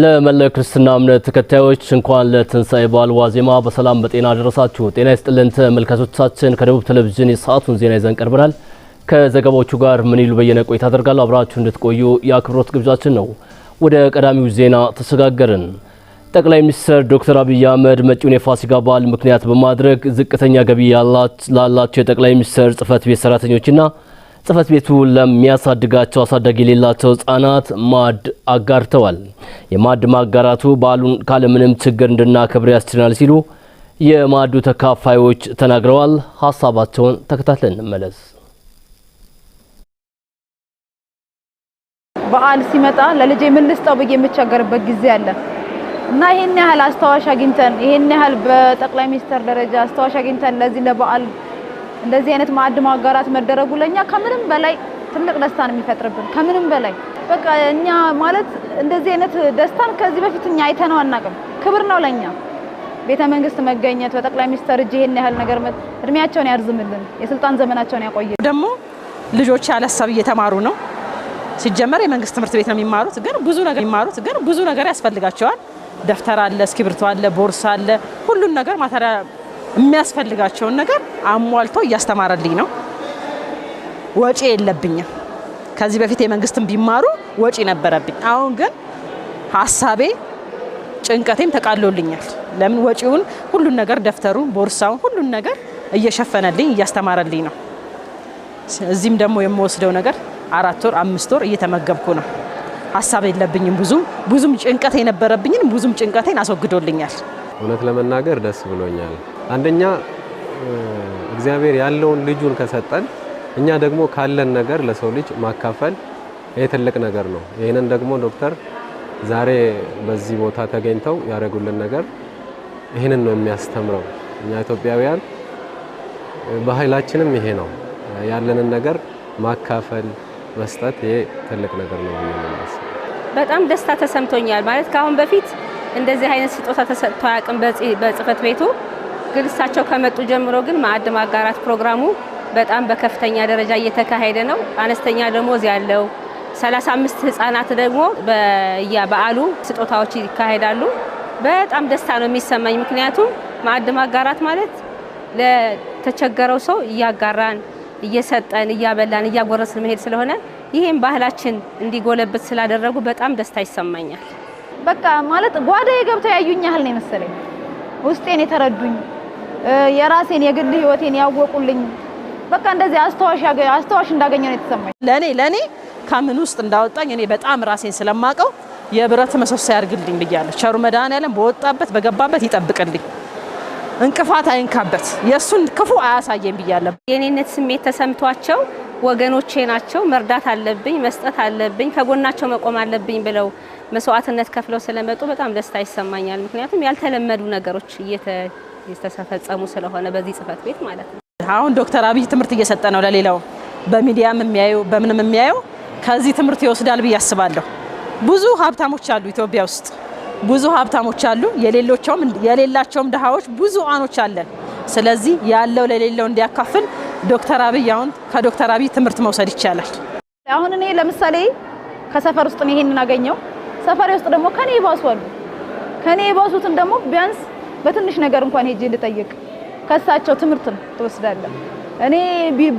ለመላው ክርስትና እምነት ተከታዮች እንኳን ለትንሳኤ በዓል ዋዜማ በሰላም በጤና ደረሳችሁ። ጤና ይስጥልን ተመልካቾቻችን፣ ከደቡብ ቴሌቪዥን የሰዓቱን ዜና ይዘን ቀርበናል። ከዘገባዎቹ ጋር ምን ይሉ በየነ ቆይታ አደርጋለሁ። አብራችሁ እንድትቆዩ የአክብሮት ግብዣችን ነው። ወደ ቀዳሚው ዜና ተሸጋገርን። ጠቅላይ ሚኒስትር ዶክተር አብይ አህመድ መጪውን የፋሲካ በዓል ምክንያት በማድረግ ዝቅተኛ ገቢ ላላቸው የጠቅላይ ሚኒስትር ጽህፈት ቤት ሰራተኞችና ጽህፈት ቤቱ ለሚያሳድጋቸው አሳዳጊ የሌላቸው ህጻናት ማዕድ አጋርተዋል። የማዕድ ማጋራቱ በዓሉን ካለምንም ችግር እንድናከብር ያስችናል ሲሉ የማዕዱ ተካፋዮች ተናግረዋል። ሀሳባቸውን ተከታትለን እንመለስ። በዓል ሲመጣ ለልጄ ምን ልስጠው ብዬ የምቸገርበት ጊዜ አለ እና ይሄን ያህል አስታዋሽ አግኝተን ይሄን ያህል በጠቅላይ ሚኒስትር ደረጃ አስታዋሽ አግኝተን ለዚህ ለበዓል እንደዚህ አይነት ማዕድ ማጋራት መደረጉ ለኛ ከምንም በላይ ትልቅ ደስታን የሚፈጥርብን ከምንም በላይ በቃ እኛ ማለት እንደዚህ አይነት ደስታን ከዚህ በፊት እኛ አይተነው አናውቅም። ክብር ነው ለኛ ቤተ መንግስት መገኘት በጠቅላይ ሚኒስትር እጅ ይሄን ያህል ነገር እድሜያቸውን ያርዝምልን፣ የስልጣን ዘመናቸውን ያቆየ። ደግሞ ልጆች ያለሰብ እየተማሩ ነው። ሲጀመር የመንግስት ትምህርት ቤት ነው የሚማሩት፣ ግን ብዙ ነገር የሚማሩት ግን ብዙ ነገር ያስፈልጋቸዋል። ደብተር አለ፣ እስክሪብቶ አለ፣ ቦርሳ አለ፣ ሁሉን ነገር ማተሪያ የሚያስፈልጋቸውን ነገር አሟልቶ እያስተማረልኝ ነው። ወጪ የለብኝም። ከዚህ በፊት የመንግስትን ቢማሩ ወጪ ነበረብኝ። አሁን ግን ሀሳቤ ጭንቀቴም ተቃሎልኛል። ለምን ወጪውን፣ ሁሉን ነገር ደብተሩን፣ ቦርሳውን፣ ሁሉን ነገር እየሸፈነልኝ እያስተማረልኝ ነው። እዚህም ደግሞ የምወስደው ነገር አራት ወር አምስት ወር እየተመገብኩ ነው። ሀሳብ የለብኝም ብዙ ብዙም ጭንቀት የነበረብኝን ብዙም ጭንቀቴን አስወግዶልኛል። እውነት ለመናገር ደስ ብሎኛል። አንደኛ እግዚአብሔር ያለውን ልጁን ከሰጠን እኛ ደግሞ ካለን ነገር ለሰው ልጅ ማካፈል ይሄ ትልቅ ነገር ነው። ይህንን ደግሞ ዶክተር ዛሬ በዚህ ቦታ ተገኝተው ያደረጉልን ነገር ይህንን ነው የሚያስተምረው። እኛ ኢትዮጵያውያን ባህላችንም ይሄ ነው፣ ያለንን ነገር ማካፈል፣ መስጠት። ይሄ ትልቅ ነገር ነው። በጣም ደስታ ተሰምቶኛል። ማለት ከአሁን በፊት እንደዚህ አይነት ስጦታ ተሰጥቶ አያውቅም በጽህፈት ቤቱ ግን እሳቸው ከመጡ ጀምሮ ግን ማዕድ ማጋራት ፕሮግራሙ በጣም በከፍተኛ ደረጃ እየተካሄደ ነው። አነስተኛ ደሞዝ ያለው 35 ህጻናት ደግሞ በየበዓሉ ስጦታዎች ይካሄዳሉ። በጣም ደስታ ነው የሚሰማኝ። ምክንያቱም ማዕድ ማጋራት ማለት ለተቸገረው ሰው እያጋራን እየሰጠን እያበላን እያጎረስን መሄድ ስለሆነ ይህም ባህላችን እንዲጎለብት ስላደረጉ በጣም ደስታ ይሰማኛል። በቃ ማለት ጓዳ ገብተው ያዩኝ ያህል ነው የመሰለኝ ውስጤን የተረዱኝ የራሴን የግል ህይወቴን ያወቁልኝ በቃ እንደዚህ አስተዋሽ አስተዋሽ እንዳገኘ ነው የተሰማኝ። ለእኔ ለእኔ ካምን ውስጥ እንዳወጣኝ እኔ በጣም ራሴን ስለማቀው የብረት መሰሶ ያርግልኝ ብያለሁ። ቸሩ መድኃኔዓለም በወጣበት በገባበት ይጠብቅልኝ፣ እንቅፋት አይንካበት፣ የእሱን ክፉ አያሳየኝ ብያለሁ። የእኔነት ስሜት ተሰምቷቸው ወገኖቼ ናቸው መርዳት አለብኝ መስጠት አለብኝ ከጎናቸው መቆም አለብኝ ብለው መስዋዕትነት ከፍለው ስለመጡ በጣም ደስታ ይሰማኛል። ምክንያቱም ያልተለመዱ ነገሮች እየተ የተፈጸሙ ስለሆነ በዚህ ጽህፈት ቤት ማለት ነው። አሁን ዶክተር አብይ ትምህርት እየሰጠ ነው ለሌላው በሚዲያም የሚያዩ በምንም የሚያዩ ከዚህ ትምህርት ይወስዳል ብዬ አስባለሁ። ብዙ ሀብታሞች አሉ ኢትዮጵያ ውስጥ ብዙ ሀብታሞች አሉ፣ የሌላቸውም ድሃዎች ብዙ አኖች አለን። ስለዚህ ያለው ለሌለው እንዲያካፍል ዶክተር አብይ አሁን ከዶክተር አብይ ትምህርት መውሰድ ይቻላል። አሁን እኔ ለምሳሌ ከሰፈር ውስጥ ነው ይሄንን አገኘው። ሰፈሬ ውስጥ ደግሞ ከኔ ይባሱ አሉ። ከኔ ይባሱትን ደግሞ ቢያንስ በትንሽ ነገር እንኳን ሄጄ እንድጠይቅ ከእሳቸው ትምህርትም ትወስዳለህ። እኔ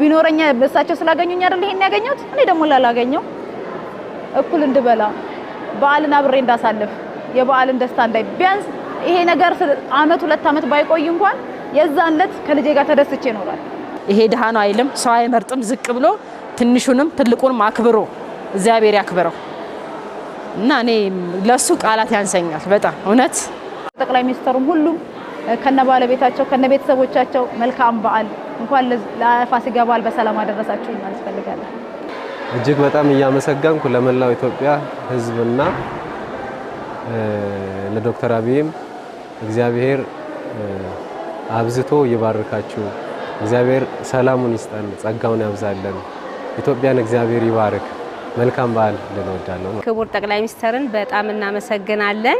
ቢኖረኛ በእሳቸው ስላገኙኝ አይደል ይሄን ያገኘሁት። እኔ ደግሞ ላላገኘው እኩል እንድበላ በዓልን አብሬ እንዳሳልፍ የበዓልን ደስታ እንዳይ ቢያንስ ይሄ ነገር አመት ሁለት አመት ባይቆይ እንኳን የዛን ዕለት ከልጄ ጋር ተደስቼ ይኖራል። ይሄ ድሃ ነው አይልም፣ ሰው አይመርጥም። ዝቅ ብሎ ትንሹንም ትልቁንም አክብሮ እግዚአብሔር ያክብረው እና እኔ ለሱ ቃላት ያንሰኛል በጣም እውነት ጠቅላይ ሚኒስትሩም ሁሉም ከነ ባለቤታቸው ከነ ቤተሰቦቻቸው መልካም በዓል እንኳን ለፋሲካ በዓል በሰላም አደረሳችሁ እናስፈልጋለን። እጅግ በጣም እያመሰገንኩ ለመላው ኢትዮጵያ ሕዝብና ለዶክተር አብይም እግዚአብሔር አብዝቶ ይባርካችሁ። እግዚአብሔር ሰላሙን ይስጠን፣ ጸጋውን ያብዛለን። ኢትዮጵያን እግዚአብሔር ይባርክ። መልካም በዓል ልንወዳለሁ። ክቡር ጠቅላይ ሚኒስትርን በጣም እናመሰግናለን።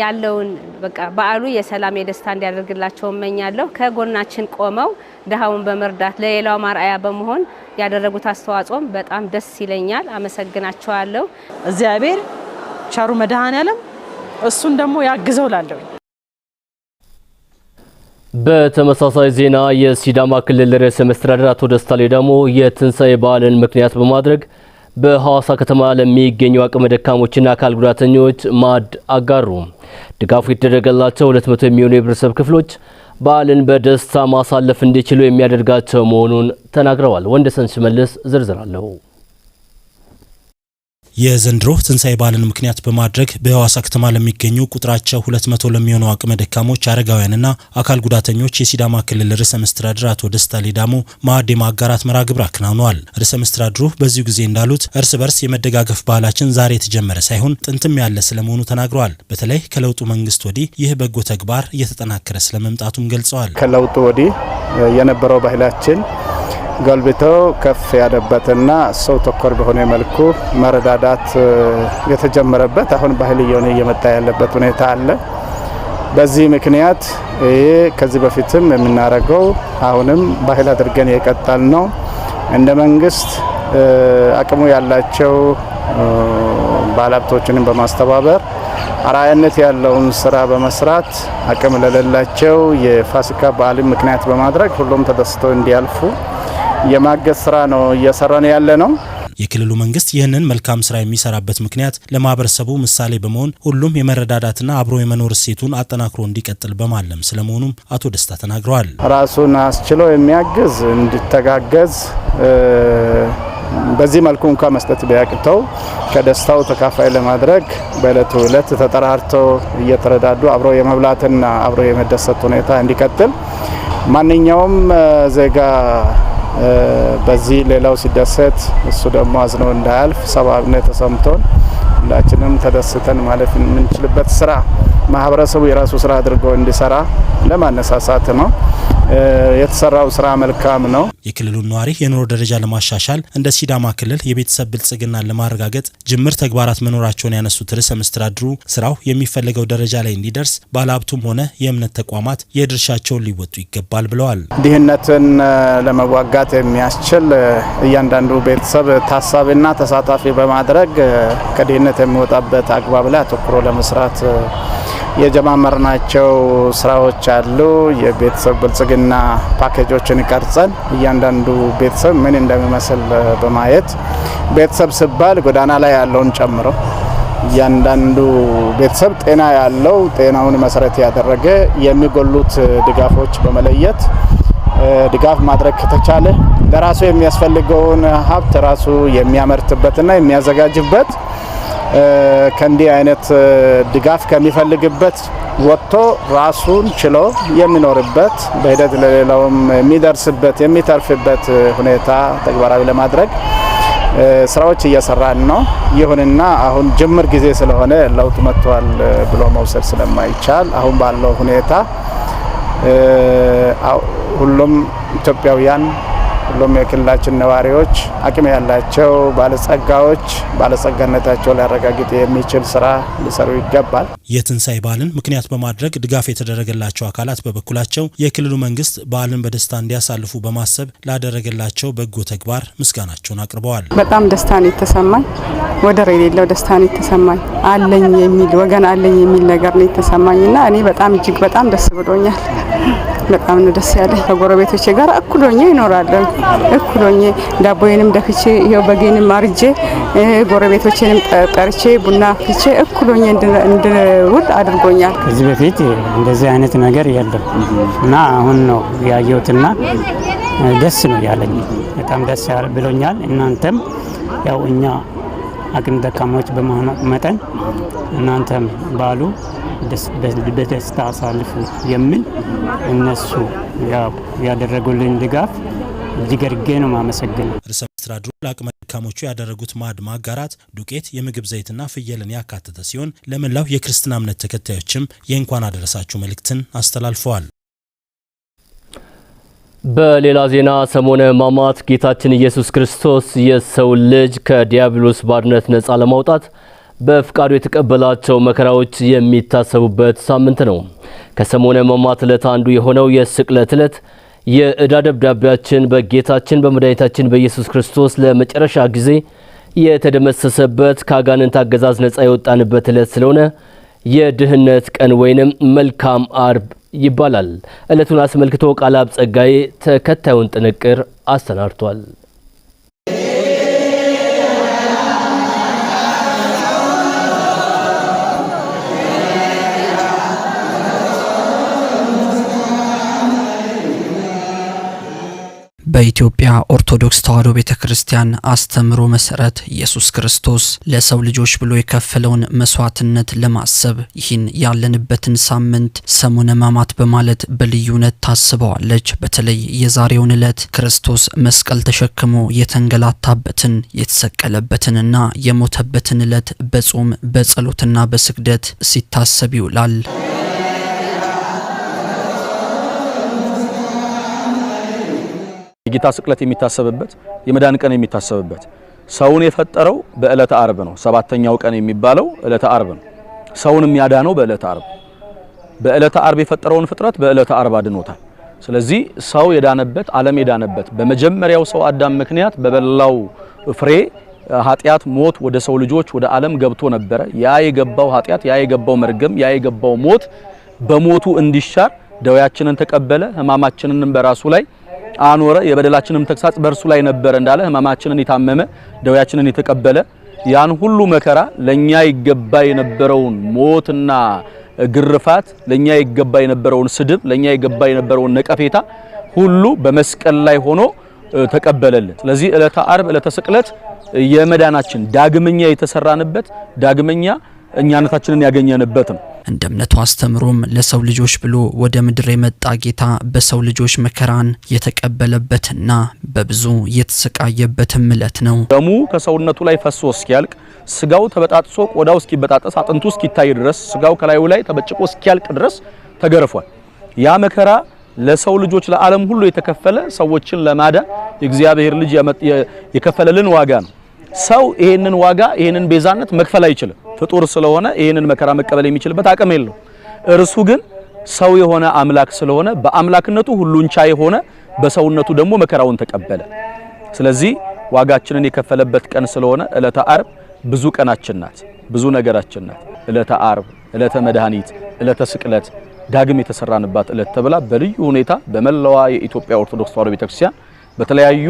ያለውን በቃ በዓሉ የሰላም የደስታ እንዲያደርግላቸው እመኛለሁ። ከጎናችን ቆመው ድሃውን በመርዳት ለሌላው ማርአያ በመሆን ያደረጉት አስተዋጽኦም በጣም ደስ ይለኛል። አመሰግናቸዋለሁ። እግዚአብሔር ቸሩ መድኃኔዓለም እሱን ደግሞ ያግዘው ላለው በተመሳሳይ ዜና የሲዳማ ክልል ርዕሰ መስተዳድር አቶ ደስታ ሌዳሞ የትንሣኤ በዓልን ምክንያት በማድረግ በሐዋሳ ከተማ ለሚገኙ አቅመ ደካሞችና አካል ጉዳተኞች ማዕድ አጋሩ። ድጋፉ የተደረገላቸው 200 የሚሆኑ የህብረተሰብ ክፍሎች በዓልን በደስታ ማሳለፍ እንዲችሉ የሚያደርጋቸው መሆኑን ተናግረዋል። ወንደሰን ሽመልስ ዝርዝር አለው። የዘንድሮ ትንሣኤ በዓልን ምክንያት በማድረግ በሐዋሳ ከተማ ለሚገኙ ቁጥራቸው 200 ለሚሆኑ አቅመ ደካሞች አረጋውያንና አካል ጉዳተኞች የሲዳማ ክልል ርዕሰ መስተዳድር አቶ ደስታ ሌዳሞ ማዕድ ማጋራት መርሃ ግብር አከናውነዋል። ርዕሰ መስተዳድሩ በዚሁ ጊዜ እንዳሉት እርስ በርስ የመደጋገፍ ባህላችን ዛሬ የተጀመረ ሳይሆን ጥንትም ያለ ስለመሆኑ ተናግረዋል። በተለይ ከለውጡ መንግስት ወዲህ ይህ በጎ ተግባር እየተጠናከረ ስለመምጣቱም ገልጸዋል። ከለውጡ ወዲህ የነበረው ባህላችን ገልብተው ከፍ ያለበትና ሰው ተኮር በሆነ መልኩ መረዳዳት የተጀመረበት አሁን ባህል እየሆነ እየመጣ ያለበት ሁኔታ አለ። በዚህ ምክንያት ይሄ ከዚህ በፊትም የምናደርገው አሁንም ባህል አድርገን የቀጠል ነው። እንደ መንግስት አቅሙ ያላቸው ባለሀብቶችንም በማስተባበር አርአያነት ያለውን ስራ በመስራት አቅም ለሌላቸው የፋሲካ በዓልን ምክንያት በማድረግ ሁሉም ተደስተው እንዲያልፉ የማገዝ ስራ ነው እየሰራን ያለ ነው። የክልሉ መንግስት ይህንን መልካም ስራ የሚሰራበት ምክንያት ለማህበረሰቡ ምሳሌ በመሆን ሁሉም የመረዳዳትና አብሮ የመኖር እሴቱን አጠናክሮ እንዲቀጥል በማለም ስለመሆኑም አቶ ደስታ ተናግረዋል። ራሱን አስችሎ የሚያግዝ እንዲተጋገዝ በዚህ መልኩ እንኳ መስጠት ቢያቅተው ከደስታው ተካፋይ ለማድረግ በእለቱ እለት ተጠራርተው እየተረዳዱ አብሮ የመብላትና አብሮ የመደሰት ሁኔታ እንዲቀጥል ማንኛውም ዜጋ በዚህ ሌላው ሲደሰት እሱ ደግሞ አዝኖ እንዳያልፍ ሰብአዊነት ተሰምቶን ሁላችንም ተደስተን ማለፍ የምንችልበት ስራ ማህበረሰቡ የራሱ ስራ አድርጎ እንዲሰራ ለማነሳሳት ነው። የተሰራው ስራ መልካም ነው። የክልሉን ነዋሪ የኑሮ ደረጃ ለማሻሻል እንደ ሲዳማ ክልል የቤተሰብ ብልጽግናን ለማረጋገጥ ጅምር ተግባራት መኖራቸውን ያነሱት ርዕሰ መስተዳድሩ ስራው የሚፈለገው ደረጃ ላይ እንዲደርስ ባለሀብቱም ሆነ የእምነት ተቋማት የድርሻቸውን ሊወጡ ይገባል ብለዋል። ድህነትን ለመዋጋት ለመስራት የሚያስችል እያንዳንዱ ቤተሰብ ታሳቢና ተሳታፊ በማድረግ ከድህነት የሚወጣበት አግባብ ላይ አተኩሮ ለመስራት የጀማመርናቸው ስራዎች አሉ። የቤተሰብ ብልጽግና ፓኬጆችን ቀርጸን እያንዳንዱ ቤተሰብ ምን እንደሚመስል በማየት ቤተሰብ ሲባል ጎዳና ላይ ያለውን ጨምሮ እያንዳንዱ ቤተሰብ ጤና ያለው ጤናውን መሰረት ያደረገ የሚጎሉት ድጋፎች በመለየት ድጋፍ ማድረግ ከተቻለ ለራሱ የሚያስፈልገውን ሀብት ራሱ የሚያመርትበትና የሚያዘጋጅበት ከእንዲህ አይነት ድጋፍ ከሚፈልግበት ወጥቶ ራሱን ችሎ የሚኖርበት በሂደት ለሌላውም የሚደርስበት የሚተርፍበት ሁኔታ ተግባራዊ ለማድረግ ስራዎች እየሰራን ነው። ይሁንና አሁን ጅምር ጊዜ ስለሆነ ለውጥ መጥቷል ብሎ መውሰድ ስለማይቻል አሁን ባለው ሁኔታ ሁሉም ኢትዮጵያውያን ሁሉም የክልላችን ነዋሪዎች፣ አቅም ያላቸው ባለጸጋዎች ባለጸጋነታቸው ሊያረጋግጥ የሚችል ስራ ሊሰሩ ይገባል። የትንሳኤ በዓልን ምክንያት በማድረግ ድጋፍ የተደረገላቸው አካላት በበኩላቸው የክልሉ መንግስት በዓልን በደስታ እንዲያሳልፉ በማሰብ ላደረገላቸው በጎ ተግባር ምስጋናቸውን አቅርበዋል። በጣም ደስታን የተሰማኝ ወደር የሌለው ደስታን የተሰማኝ አለኝ የሚል ወገን አለኝ የሚል ነገር ነው የተሰማኝ እና እኔ በጣም እጅግ በጣም ደስ ብሎኛል። በጣም ነው ደስ ያለኝ። ከጎረቤቶቼ ጋር እኩል ሆኜ ይኖራለሁ። እኩሎኝ ዳቦዬንም ደክቼ ይኸው በጌንም አርጄ ጎረቤቶቼንም ጠርቼ ቡና ፍቼ እኩሎኝ እንድውል አድርጎኛል። ከዚህ በፊት እንደዚህ አይነት ነገር የለም እና አሁን ነው ያየሁትና ደስ ነው ያለኝ። በጣም ደስ ብሎኛል። እናንተም ያው እኛ አቅም ደካማዎች በመሆኑ መጠን እናንተም ባሉ በደስታ አሳልፉ የሚል እነሱ ያደረጉልን ድጋፍ እዚህ ገርጌ ነው ማመሰግነው። ርዕሰ መስተዳድሩ ለአቅመ ደካሞቹ ያደረጉት ማዕድ ማጋራት ዱቄት፣ የምግብ ዘይትና ፍየልን ያካተተ ሲሆን ለመላው የክርስትና እምነት ተከታዮችም የእንኳን አደረሳችሁ መልእክትን አስተላልፈዋል። በሌላ ዜና ሰሞነ ሕማማት ጌታችን ኢየሱስ ክርስቶስ የሰው ልጅ ከዲያብሎስ ባርነት ነፃ ለማውጣት በፍቃዱ የተቀበላቸው መከራዎች የሚታሰቡበት ሳምንት ነው። ከሰሞነ ሕማማት ዕለት አንዱ የሆነው የስቅለት ዕለት የዕዳ ደብዳቤያችን በጌታችን በመድኃኒታችን በኢየሱስ ክርስቶስ ለመጨረሻ ጊዜ የተደመሰሰበት ከአጋንንት አገዛዝ ነጻ የወጣንበት ዕለት ስለሆነ የድህነት ቀን ወይንም መልካም አርብ ይባላል። ዕለቱን አስመልክቶ ቃልአብ ጸጋዬ ተከታዩን ጥንቅር አሰናድቷል። በኢትዮጵያ ኦርቶዶክስ ተዋሕዶ ቤተ ክርስቲያን አስተምሮ መሰረት ኢየሱስ ክርስቶስ ለሰው ልጆች ብሎ የከፈለውን መስዋዕትነት ለማሰብ ይህን ያለንበትን ሳምንት ሰሙነ ሕማማት በማለት በልዩነት ታስበዋለች። በተለይ የዛሬውን ዕለት ክርስቶስ መስቀል ተሸክሞ የተንገላታበትን የተሰቀለበትንና የሞተበትን ዕለት በጾም በጸሎትና በስግደት ሲታሰብ ይውላል። የጌታ ስቅለት የሚታሰብበት የመዳን ቀን የሚታሰብበት ሰውን የፈጠረው በእለተ አርብ ነው። ሰባተኛው ቀን የሚባለው እለተ አርብ ነው። ሰውን የሚያዳነው በእለተ አርብ በእለተ አርብ የፈጠረውን ፍጥረት በእለተ አርብ አድኖታል። ስለዚህ ሰው የዳነበት ዓለም የዳነበት በመጀመሪያው ሰው አዳም ምክንያት በበላው ፍሬ ኃጢአት፣ ሞት ወደ ሰው ልጆች ወደ ዓለም ገብቶ ነበረ። ያ የገባው ኃጢአት፣ ያ የገባው መርገም፣ ያ የገባው ሞት በሞቱ እንዲሻር ደዌያችንን ተቀበለ፣ ሕማማችንንም በራሱ ላይ አኖረ፣ የበደላችንም ተግሳጽ በእርሱ ላይ ነበረ እንዳለ ሕማማችንን የታመመ ደዌያችንን የተቀበለ ያን ሁሉ መከራ ለኛ ይገባ የነበረውን ሞትና ግርፋት፣ ለኛ ይገባ የነበረውን ስድብ፣ ለኛ ይገባ የነበረውን ነቀፌታ ሁሉ በመስቀል ላይ ሆኖ ተቀበለልን። ስለዚህ ዕለተ አርብ ዕለተ ስቅለት የመዳናችን ዳግመኛ የተሰራንበት ዳግመኛ እኛነታችንን ያገኘንበት ነው። እንደ እምነቱ አስተምሮም ለሰው ልጆች ብሎ ወደ ምድር የመጣ ጌታ በሰው ልጆች መከራን የተቀበለበትና በብዙ የተሰቃየበትም ዕለት ነው። ደሙ ከሰውነቱ ላይ ፈሶ እስኪያልቅ፣ ስጋው ተበጣጥሶ ቆዳው እስኪበጣጠስ፣ አጥንቱ እስኪታይ ድረስ ስጋው ከላዩ ላይ ተበጭቆ እስኪያልቅ ድረስ ተገርፏል። ያ መከራ ለሰው ልጆች ለዓለም ሁሉ የተከፈለ ሰዎችን ለማዳን የእግዚአብሔር ልጅ የከፈለልን ዋጋ ነው። ሰው ይሄንን ዋጋ ይሄንን ቤዛነት መክፈል አይችልም። ፍጡር ስለሆነ ይህንን መከራ መቀበል የሚችልበት አቅም የለው። እርሱ ግን ሰው የሆነ አምላክ ስለሆነ በአምላክነቱ ሁሉን ቻይ የሆነ በሰውነቱ ደግሞ መከራውን ተቀበለ። ስለዚህ ዋጋችንን የከፈለበት ቀን ስለሆነ ዕለተ አርብ ብዙ ቀናችን ናት፣ ብዙ ነገራችን ናት። ዕለተ አርብ፣ ዕለተ መድኃኒት፣ ዕለተ ስቅለት ዳግም የተሰራንባት ዕለት ተብላ በልዩ ሁኔታ በመላዋ የኢትዮጵያ ኦርቶዶክስ ተዋሕዶ ቤተክርስቲያን በተለያዩ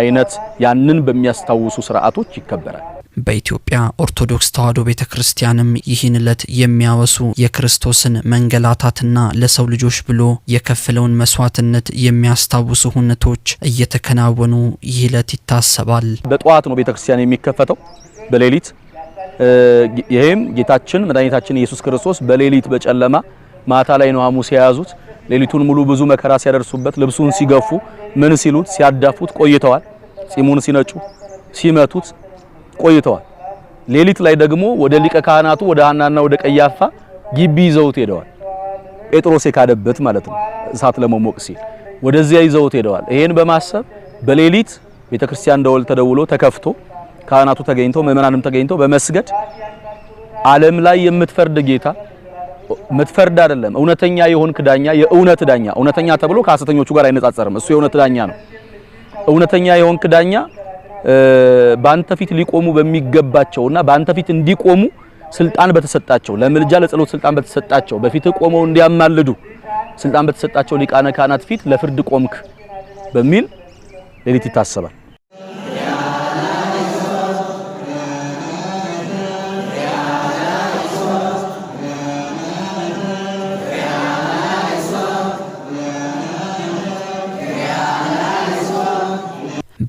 አይነት ያንን በሚያስታውሱ ስርዓቶች ይከበራል። በኢትዮጵያ ኦርቶዶክስ ተዋሕዶ ቤተ ክርስቲያንም ይህን ዕለት የሚያወሱ የክርስቶስን መንገላታትና ለሰው ልጆች ብሎ የከፈለውን መስዋዕትነት የሚያስታውሱ ሁነቶች እየተከናወኑ ይህ ዕለት ይታሰባል። በጠዋት ነው ቤተ ክርስቲያን የሚከፈተው፣ በሌሊት ይህም ጌታችን መድኃኒታችን ኢየሱስ ክርስቶስ በሌሊት በጨለማ ማታ ላይ ነው ሐሙስ የያዙት። ሌሊቱን ሙሉ ብዙ መከራ ሲያደርሱበት፣ ልብሱን ሲገፉ፣ ምን ሲሉት ሲያዳፉት ቆይተዋል። ጺሙን ሲነጩ ሲመቱት ቆይተዋል። ሌሊት ላይ ደግሞ ወደ ሊቀ ካህናቱ ወደ ሐናና ወደ ቀያፋ ግቢ ይዘውት ሄደዋል። ጴጥሮስ የካደበት ማለት ነው። እሳት ለመሞቅ ሲል ወደዚያ ይዘውት ሄደዋል። ይሄን በማሰብ በሌሊት ቤተክርስቲያን ደወል ተደውሎ ተከፍቶ ካህናቱ ተገኝተው ምእመናንም ተገኝተው በመስገድ ዓለም ላይ የምትፈርድ ጌታ ምትፈርድ አይደለም፣ እውነተኛ የሆንክ ዳኛ፣ የእውነት ዳኛ። እውነተኛ ተብሎ ከሐሰተኞቹ ጋር አይነጻጸርም። እሱ የእውነት ዳኛ ነው። እውነተኛ የሆንክ ዳኛ በአንተ ፊት ሊቆሙ በሚገባቸውና በአንተ ፊት እንዲቆሙ ስልጣን በተሰጣቸው ለምልጃ ለጸሎት ስልጣን በተሰጣቸው በፊት ቆመው እንዲያማልዱ ስልጣን በተሰጣቸው ሊቃነ ካህናት ፊት ለፍርድ ቆምክ በሚል ሌሊት ይታሰባል።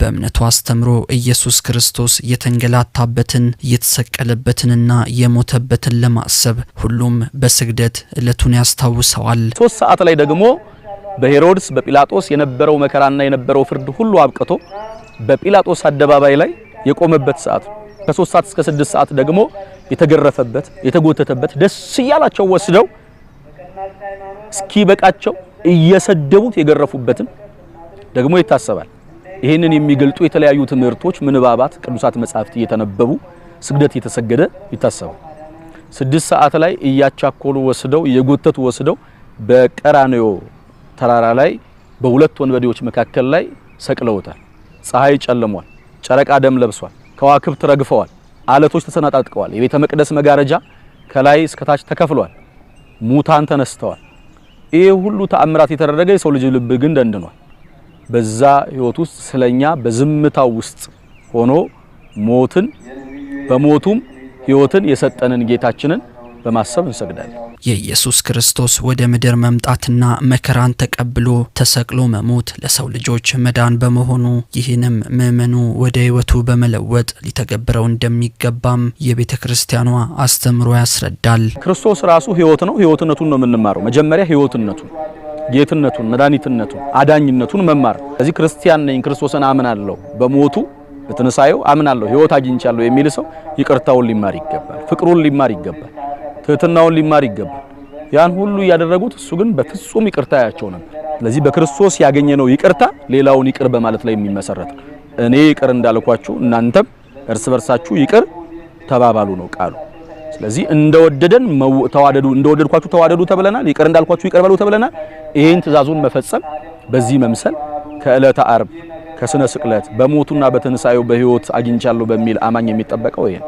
በእምነቱ አስተምሮ ኢየሱስ ክርስቶስ የተንገላታበትን የተሰቀለበትንና የሞተበትን ለማሰብ ሁሉም በስግደት እለቱን ያስታውሰዋል። ሶስት ሰዓት ላይ ደግሞ በሄሮድስ በጲላጦስ የነበረው መከራና የነበረው ፍርድ ሁሉ አብቅቶ በጲላጦስ አደባባይ ላይ የቆመበት ሰዓት ከሶስት ሰዓት እስከ ስድስት ሰዓት ደግሞ የተገረፈበት የተጎተተበት ደስ እያላቸው ወስደው እስኪ በቃቸው እየሰደቡት የገረፉበትን ደግሞ ይታሰባል። ይህንን የሚገልጡ የተለያዩ ትምህርቶች፣ ምንባባት፣ ቅዱሳት መጻሕፍት እየተነበቡ ስግደት እየተሰገደ ይታሰባል። ስድስት ሰዓት ላይ እያቻኮሉ ወስደው እየጎተቱ ወስደው በቀራንዮ ተራራ ላይ በሁለት ወንበዴዎች መካከል ላይ ሰቅለውታል። ፀሐይ ጨልሟል። ጨረቃ ደም ለብሷል። ከዋክብት ረግፈዋል። አለቶች ተሰነጣጥቀዋል። የቤተ መቅደስ መጋረጃ ከላይ እስከታች ተከፍሏል። ሙታን ተነስተዋል። ይህ ሁሉ ተአምራት የተደረገ የሰው ልጅ ልብ ግን ደንድኗል። በዛ ህይወት ውስጥ ስለኛ በዝምታው ውስጥ ሆኖ ሞትን በሞቱም ህይወትን የሰጠንን ጌታችንን በማሰብ እንሰግዳለን። የኢየሱስ ክርስቶስ ወደ ምድር መምጣትና መከራን ተቀብሎ ተሰቅሎ መሞት ለሰው ልጆች መዳን በመሆኑ ይህንም ምእመኑ ወደ ህይወቱ በመለወጥ ሊተገብረው እንደሚገባም የቤተ ክርስቲያኗ አስተምሮ ያስረዳል። ክርስቶስ ራሱ ህይወት ነው። ህይወትነቱን ነው የምንማረው። መጀመሪያ ህይወትነቱ ጌትነቱን፣ መድኃኒትነቱን፣ አዳኝነቱን መማር። ስለዚህ ክርስቲያን ነኝ ክርስቶስን አምናለሁ በሞቱ በትንሳኤው አምናለሁ ህይወት አግኝቻለሁ የሚል ሰው ይቅርታውን ሊማር ይገባል፣ ፍቅሩን ሊማር ይገባል፣ ትህትናውን ሊማር ይገባል። ያን ሁሉ ያደረጉት እሱ ግን በፍጹም ይቅርታ ያቸው ነበር። ስለዚህ በክርስቶስ ያገኘነው ይቅርታ ሌላውን ይቅር በማለት ላይ የሚመሰረት እኔ ይቅር እንዳልኳችሁ እናንተም እርስ በርሳችሁ ይቅር ተባባሉ ነው ቃሉ። ስለዚህ እንደወደደን ተዋደዱ፣ እንደወደድኳችሁ ተዋደዱ ተብለናል። ይቅር እንዳልኳችሁ ይቅር በሉ ተብለናል። ይህን ትእዛዙን መፈጸም በዚህ መምሰል ከዕለተ አርብ ከስነ ስቅለት በሞቱና በትንሳኤው በህይወት አግኝቻለሁ በሚል አማኝ የሚጠበቀው ይሄ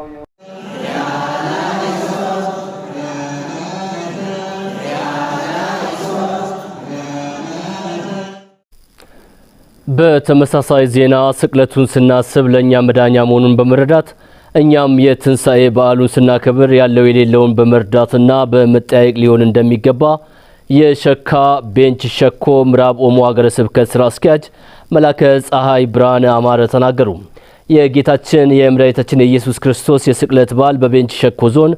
በተመሳሳይ ዜና ስቅለቱን ስናስብ ለእኛ መዳኛ መሆኑን በመረዳት እኛም የትንሣኤ በዓሉን ስናከብር ያለው የሌለውን በመርዳትና በመጠያየቅ ሊሆን እንደሚገባ የሸካ ቤንች ሸኮ ምዕራብ ኦሞ አገረ ስብከት ስራ አስኪያጅ መላከ ፀሐይ ብርሃነ አማረ ተናገሩ። የጌታችን የመድኃኒታችን የኢየሱስ ክርስቶስ የስቅለት በዓል በቤንች ሸኮ ዞን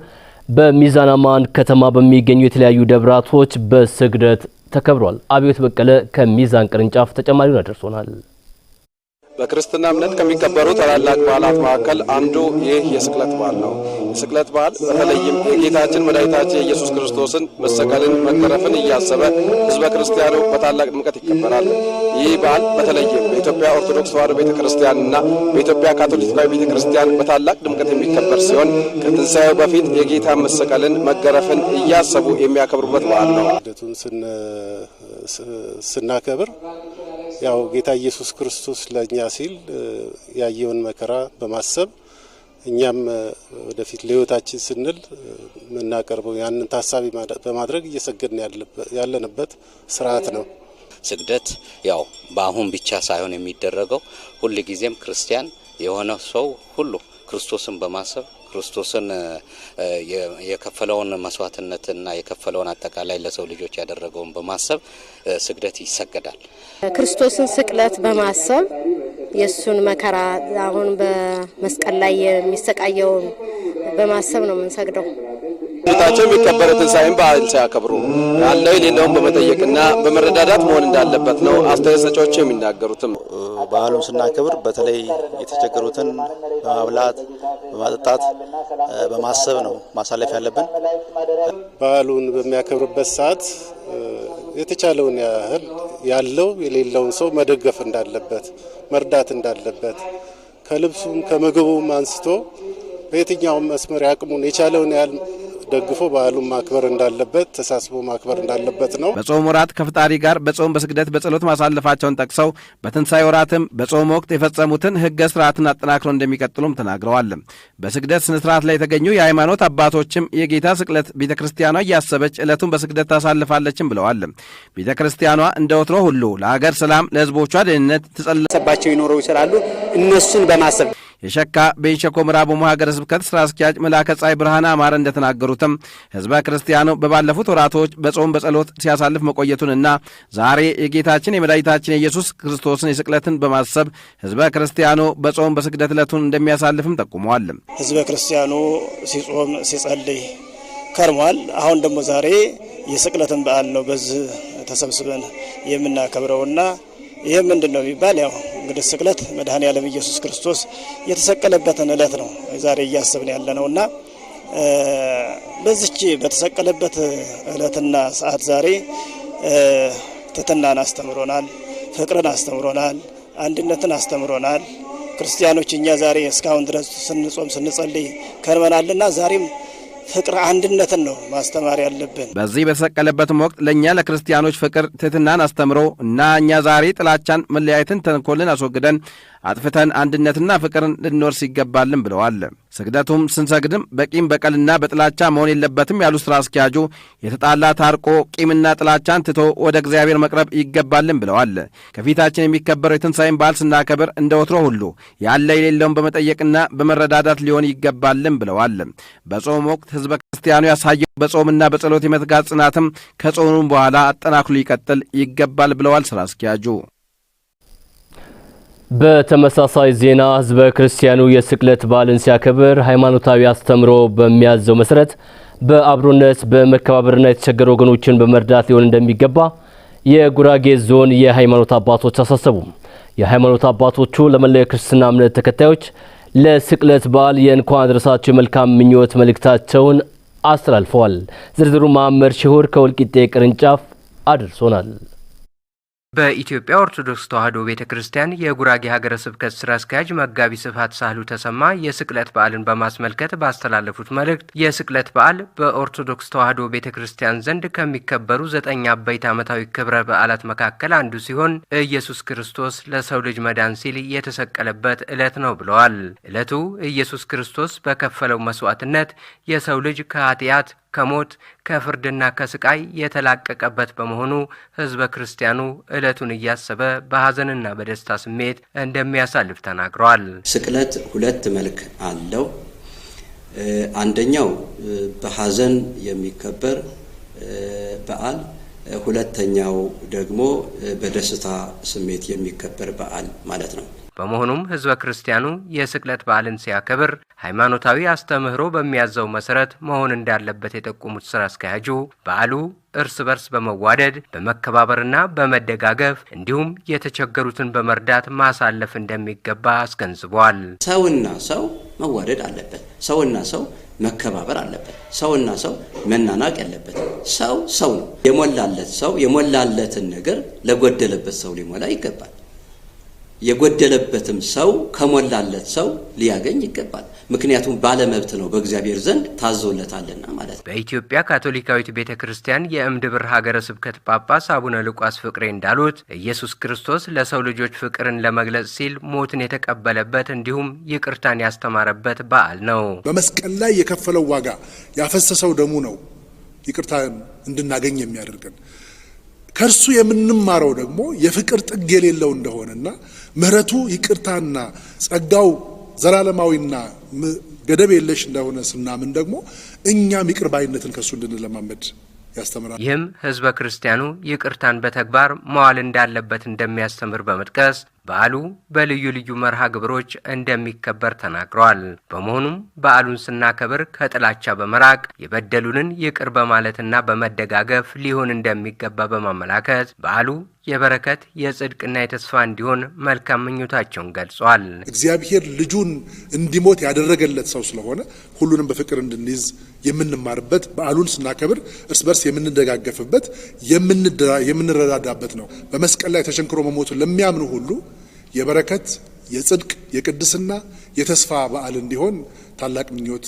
በሚዛናማን ከተማ በሚገኙ የተለያዩ ደብራቶች በስግደት ተከብሯል። አብዮት በቀለ ከሚዛን ቅርንጫፍ ተጨማሪውን አደርሶናል። በክርስትና እምነት ከሚከበሩ ታላላቅ በዓላት መካከል አንዱ ይህ የስቅለት በዓል ነው። የስቅለት በዓል በተለይም የጌታችን መድኃኒታችን የኢየሱስ ክርስቶስን መሰቀልን፣ መገረፍን እያሰበ ህዝበ ክርስቲያኑ በታላቅ ድምቀት ይከበራል። ይህ በዓል በተለይም በኢትዮጵያ ኦርቶዶክስ ተዋሕዶ ቤተ ክርስቲያን በኢትዮጵያ ካቶሊካዊ ቤተ ክርስቲያን በታላቅ ድምቀት የሚከበር ሲሆን ከትንሣኤው በፊት የጌታ መሰቀልን፣ መገረፍን እያሰቡ የሚያከብሩበት በዓል ነው። ስናከብር ያው ጌታ ኢየሱስ ክርስቶስ ለእኛ ሲል ያየውን መከራ በማሰብ እኛም ወደፊት ለህይወታችን ስንል የምናቀርበው ያንን ታሳቢ በማድረግ እየሰገድን ያለንበት ስርዓት ነው። ስግደት ያው በአሁን ብቻ ሳይሆን የሚደረገው ሁል ጊዜም ክርስቲያን የሆነ ሰው ሁሉ ክርስቶስን በማሰብ ክርስቶስን የከፈለውን መስዋዕትነትና የከፈለውን አጠቃላይ ለሰው ልጆች ያደረገውን በማሰብ ስግደት ይሰገዳል። ክርስቶስን ስቅለት በማሰብ የእሱን መከራ አሁን በመስቀል ላይ የሚሰቃየውን በማሰብ ነው የምንሰግደው። ቤታቸው የሚከበረ ትንሣኤን በዓል ሲያከብሩ ያለው የሌለውን በመጠየቅና በመረዳዳት መሆን እንዳለበት ነው አስተያየት ሰጪዎች የሚናገሩትም። በዓሉም ስናከብር በተለይ የተቸገሩትን በማብላት በማጠጣት በማሰብ ነው ማሳለፍ ያለብን። በዓሉን በሚያከብርበት ሰዓት የተቻለውን ያህል ያለው የሌለውን ሰው መደገፍ እንዳለበት መርዳት እንዳለበት ከልብሱም ከምግቡም አንስቶ በየትኛውም መስመር ያቅሙን የቻለውን ያህል ደግፎ ባህሉን ማክበር እንዳለበት ተሳስቦ ማክበር እንዳለበት ነው። በጾም ወራት ከፍጣሪ ጋር በጾም በስግደት በጸሎት ማሳለፋቸውን ጠቅሰው በትንሣኤ ወራትም በጾም ወቅት የፈጸሙትን ሕገ ስርዓትን አጠናክሮ እንደሚቀጥሉም ተናግረዋል። በስግደት ስነ ስርዓት ላይ የተገኙ የሃይማኖት አባቶችም የጌታ ስቅለት ቤተ ክርስቲያኗ እያሰበች ዕለቱን በስግደት ታሳልፋለችም ብለዋል። ቤተ ክርስቲያኗ እንደ ወትሮ ሁሉ ለሀገር ሰላም፣ ለህዝቦቿ ደህንነት ትጸልሰባቸው ይኖረው ይችላሉ እነሱን በማሰብ የሸካ ቤንሸኮ ምዕራብ ኦሞ ሀገረ ስብከት ስራ አስኪያጅ መልአከ ጸሐይ ብርሃነ አማረ እንደተናገሩትም ህዝበ ክርስቲያኑ በባለፉት ወራቶች በጾም በጸሎት ሲያሳልፍ መቆየቱንና ዛሬ የጌታችን የመድኃኒታችን የኢየሱስ ክርስቶስን የስቅለትን በማሰብ ህዝበ ክርስቲያኑ በጾም በስግደት ዕለቱን እንደሚያሳልፍም ጠቁመዋል። ህዝበ ክርስቲያኑ ሲጾም ሲጸልይ ከርሟል። አሁን ደግሞ ዛሬ የስቅለትን በዓል ነው በዚህ ተሰብስበን የምናከብረውና ይህ ምንድን ነው የሚባል ያው እንግዲህ ስቅለት መድኃኔ ዓለም ኢየሱስ ክርስቶስ የተሰቀለበትን እለት ነው ዛሬ እያስብን ያለ ነው እና በዚች በተሰቀለበት እለትና ሰዓት ዛሬ ትትናን አስተምሮናል፣ ፍቅርን አስተምሮናል፣ አንድነትን አስተምሮናል። ክርስቲያኖች እኛ ዛሬ እስካሁን ድረስ ስንጾም ስንጸልይ ከርመናልና ዛሬም ፍቅር አንድነትን ነው ማስተማር ያለብን። በዚህ በተሰቀለበትም ወቅት ለእኛ ለክርስቲያኖች ፍቅር ትህትናን አስተምሮ እና እኛ ዛሬ ጥላቻን፣ መለያየትን፣ ተንኮልን አስወግደን አጥፍተን አንድነትና ፍቅርን ልንወርስ ይገባልን ብለዋል። ስግደቱም ስንሰግድም በቂም በቀልና በጥላቻ መሆን የለበትም ያሉ ሥራ አስኪያጁ የተጣላ ታርቆ ቂምና ጥላቻን ትቶ ወደ እግዚአብሔር መቅረብ ይገባልን ብለዋል። ከፊታችን የሚከበረው የትንሣኤን በዓል ስናከብር እንደ ወትሮ ሁሉ ያለ የሌለውን በመጠየቅና በመረዳዳት ሊሆን ይገባልን ብለዋል። በጾም ወቅት ሕዝበ ክርስቲያኑ ያሳየው በጾምና በጸሎት የመትጋት ጽናትም ከጾኑም በኋላ አጠናክሎ ሊቀጥል ይገባል ብለዋል ሥራ አስኪያጁ። በተመሳሳይ ዜና ህዝበ ክርስቲያኑ የስቅለት በዓልን ሲያከብር ሃይማኖታዊ አስተምሮ በሚያዘው መሰረት በአብሮነት በመከባበርና የተቸገሩ ወገኖችን በመርዳት ሊሆን እንደሚገባ የጉራጌ ዞን የሃይማኖት አባቶች አሳሰቡ። የሃይማኖት አባቶቹ ለመላው ክርስትና እምነት ተከታዮች ለስቅለት በዓል የእንኳን አደረሳችሁ መልካም ምኞት መልእክታቸውን አስተላልፈዋል። ዝርዝሩ ማመር ሽሁር ከወልቂጤ ቅርንጫፍ አድርሶናል። በኢትዮጵያ ኦርቶዶክስ ተዋሕዶ ቤተ ክርስቲያን የጉራጌ ሀገረ ስብከት ስራ አስኪያጅ መጋቢ ስፋት ሳህሉ ተሰማ የስቅለት በዓልን በማስመልከት ባስተላለፉት መልእክት የስቅለት በዓል በኦርቶዶክስ ተዋሕዶ ቤተ ክርስቲያን ዘንድ ከሚከበሩ ዘጠኝ አበይት ዓመታዊ ክብረ በዓላት መካከል አንዱ ሲሆን ኢየሱስ ክርስቶስ ለሰው ልጅ መዳን ሲል የተሰቀለበት ዕለት ነው ብለዋል። ዕለቱ ኢየሱስ ክርስቶስ በከፈለው መስዋዕትነት የሰው ልጅ ከኃጢአት ከሞት ከፍርድና ከስቃይ የተላቀቀበት በመሆኑ ህዝበ ክርስቲያኑ ዕለቱን እያሰበ በሐዘንና በደስታ ስሜት እንደሚያሳልፍ ተናግረዋል። ስቅለት ሁለት መልክ አለው። አንደኛው በሐዘን የሚከበር በዓል፣ ሁለተኛው ደግሞ በደስታ ስሜት የሚከበር በዓል ማለት ነው። በመሆኑም ህዝበ ክርስቲያኑ የስቅለት በዓልን ሲያከብር ሃይማኖታዊ አስተምህሮ በሚያዘው መሰረት መሆን እንዳለበት የጠቆሙት ስራ አስኪያጁ በዓሉ እርስ በርስ በመዋደድ በመከባበርና በመደጋገፍ እንዲሁም የተቸገሩትን በመርዳት ማሳለፍ እንደሚገባ አስገንዝበዋል። ሰውና ሰው መዋደድ አለበት። ሰውና ሰው መከባበር አለበት። ሰውና ሰው መናናቅ ያለበት። ሰው ሰው ነው። የሞላለት ሰው የሞላለትን ነገር ለጎደለበት ሰው ሊሞላ ይገባል። የጎደለበትም ሰው ከሞላለት ሰው ሊያገኝ ይገባል። ምክንያቱም ባለመብት ነው በእግዚአብሔር ዘንድ ታዞለታልና ማለት ነው። በኢትዮጵያ ካቶሊካዊት ቤተ ክርስቲያን የእምድብር ሀገረ ስብከት ጳጳስ አቡነ ሉቃስ ፍቅሬ እንዳሉት ኢየሱስ ክርስቶስ ለሰው ልጆች ፍቅርን ለመግለጽ ሲል ሞትን የተቀበለበት እንዲሁም ይቅርታን ያስተማረበት በዓል ነው። በመስቀል ላይ የከፈለው ዋጋ ያፈሰሰው ደሙ ነው ይቅርታን እንድናገኝ የሚያደርገን ከእርሱ የምንማረው ደግሞ የፍቅር ጥግ የሌለው እንደሆነና ምሕረቱ ይቅርታና ጸጋው ዘላለማዊና ገደብ የለሽ እንደሆነ ስናምን ደግሞ እኛም ይቅር ባይነትን ከእሱ እንድንለማመድ ያስተምራል። ይህም ህዝበ ክርስቲያኑ ይቅርታን በተግባር መዋል እንዳለበት እንደሚያስተምር በመጥቀስ በዓሉ በልዩ ልዩ መርሃ ግብሮች እንደሚከበር ተናግረዋል። በመሆኑም በዓሉን ስናከብር ከጥላቻ በመራቅ የበደሉንን ይቅር በማለትና በመደጋገፍ ሊሆን እንደሚገባ በማመላከት በዓሉ የበረከት የጽድቅና የተስፋ እንዲሆን መልካም ምኞታቸውን ገልጿል። እግዚአብሔር ልጁን እንዲሞት ያደረገለት ሰው ስለሆነ ሁሉንም በፍቅር እንድንይዝ የምንማርበት በዓሉን ስናከብር እርስ በርስ የምንደጋገፍበት የምንረዳዳበት ነው። በመስቀል ላይ ተሸንክሮ መሞቱን ለሚያምኑ ሁሉ የበረከት፣ የጽድቅ፣ የቅድስና፣ የተስፋ በዓል እንዲሆን ታላቅ ምኞት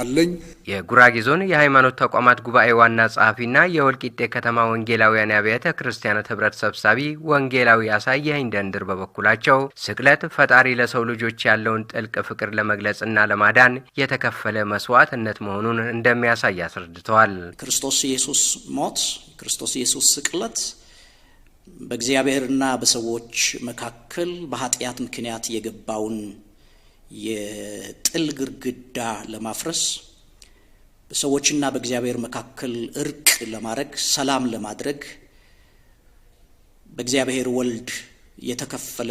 አለኝ። የጉራጌ ዞን የሃይማኖት ተቋማት ጉባኤ ዋና ጸሐፊና የወልቂጤ ከተማ ወንጌላውያን አብያተ ክርስቲያናት ህብረት ሰብሳቢ ወንጌላዊ አሳየኝ ደንድር በበኩላቸው ስቅለት ፈጣሪ ለሰው ልጆች ያለውን ጥልቅ ፍቅር ለመግለጽና ለማዳን የተከፈለ መስዋዕትነት መሆኑን እንደሚያሳይ አስረድተዋል። ክርስቶስ ኢየሱስ ሞት፣ ክርስቶስ ኢየሱስ ስቅለት በእግዚአብሔርና በሰዎች መካከል በኃጢአት ምክንያት የገባውን የጥል ግርግዳ ለማፍረስ በሰዎችና በእግዚአብሔር መካከል እርቅ ለማድረግ ሰላም ለማድረግ በእግዚአብሔር ወልድ የተከፈለ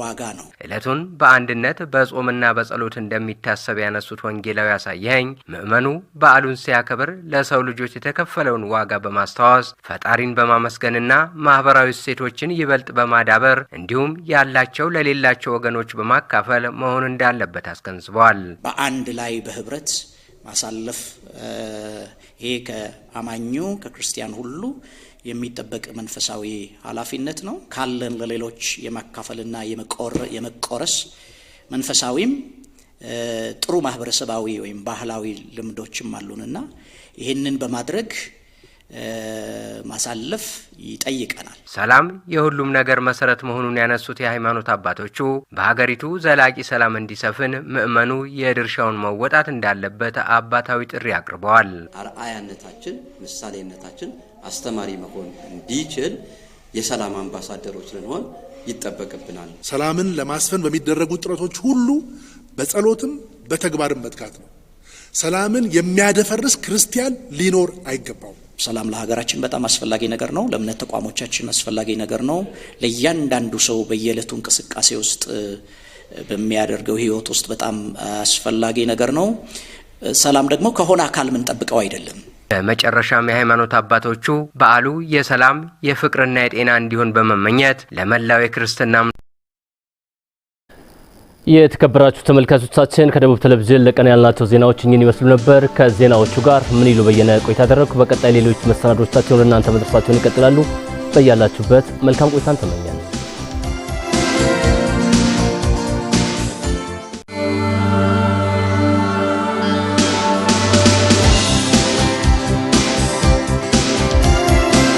ዋጋ ነው። ዕለቱን በአንድነት በጾምና በጸሎት እንደሚታሰብ ያነሱት ወንጌላዊ ያሳያኝ። ምዕመኑ በዓሉን ሲያከብር ለሰው ልጆች የተከፈለውን ዋጋ በማስታወስ ፈጣሪን በማመስገንና ማህበራዊ እሴቶችን ይበልጥ በማዳበር እንዲሁም ያላቸው ለሌላቸው ወገኖች በማካፈል መሆን እንዳለበት አስገንዝበዋል። በአንድ ላይ በህብረት ማሳለፍ ይሄ ከአማኙ ከክርስቲያን ሁሉ የሚጠበቅ መንፈሳዊ ኃላፊነት ነው። ካለን ለሌሎች የማካፈልና የመቆረስ መንፈሳዊም ጥሩ ማህበረሰባዊ ወይም ባህላዊ ልምዶችም አሉንና ይህንን በማድረግ ማሳለፍ ይጠይቀናል። ሰላም የሁሉም ነገር መሰረት መሆኑን ያነሱት የሃይማኖት አባቶቹ በሀገሪቱ ዘላቂ ሰላም እንዲሰፍን ምዕመኑ የድርሻውን መወጣት እንዳለበት አባታዊ ጥሪ አቅርበዋል። አርአያነታችን ምሳሌነታችን አስተማሪ መሆን እንዲችል የሰላም አምባሳደሮች ልንሆን ይጠበቅብናል። ሰላምን ለማስፈን በሚደረጉ ጥረቶች ሁሉ በጸሎትም በተግባርም መትጋት ነው። ሰላምን የሚያደፈርስ ክርስቲያን ሊኖር አይገባው ሰላም ለሀገራችን በጣም አስፈላጊ ነገር ነው። ለእምነት ተቋሞቻችን አስፈላጊ ነገር ነው። ለእያንዳንዱ ሰው በየዕለቱ እንቅስቃሴ ውስጥ በሚያደርገው ህይወት ውስጥ በጣም አስፈላጊ ነገር ነው። ሰላም ደግሞ ከሆነ አካል የምንጠብቀው አይደለም። በመጨረሻም የሃይማኖት አባቶቹ በዓሉ የሰላም የፍቅርና የጤና እንዲሆን በመመኘት ለመላው የክርስትና የተከበራችሁ ተመልካቾቻችን ከደቡብ ቴሌቪዥን ለቀን ያልናቸው ዜናዎች እኝን ይመስሉ ነበር። ከዜናዎቹ ጋር ምን ይሉ በየነ ቆይታ ያደረግኩ። በቀጣይ ሌሎች መሰናዶቻቸውን ለእናንተ እናንተ መድረሳቸውን ይቀጥላሉ። በያላችሁበት መልካም ቆይታን ተመኛል።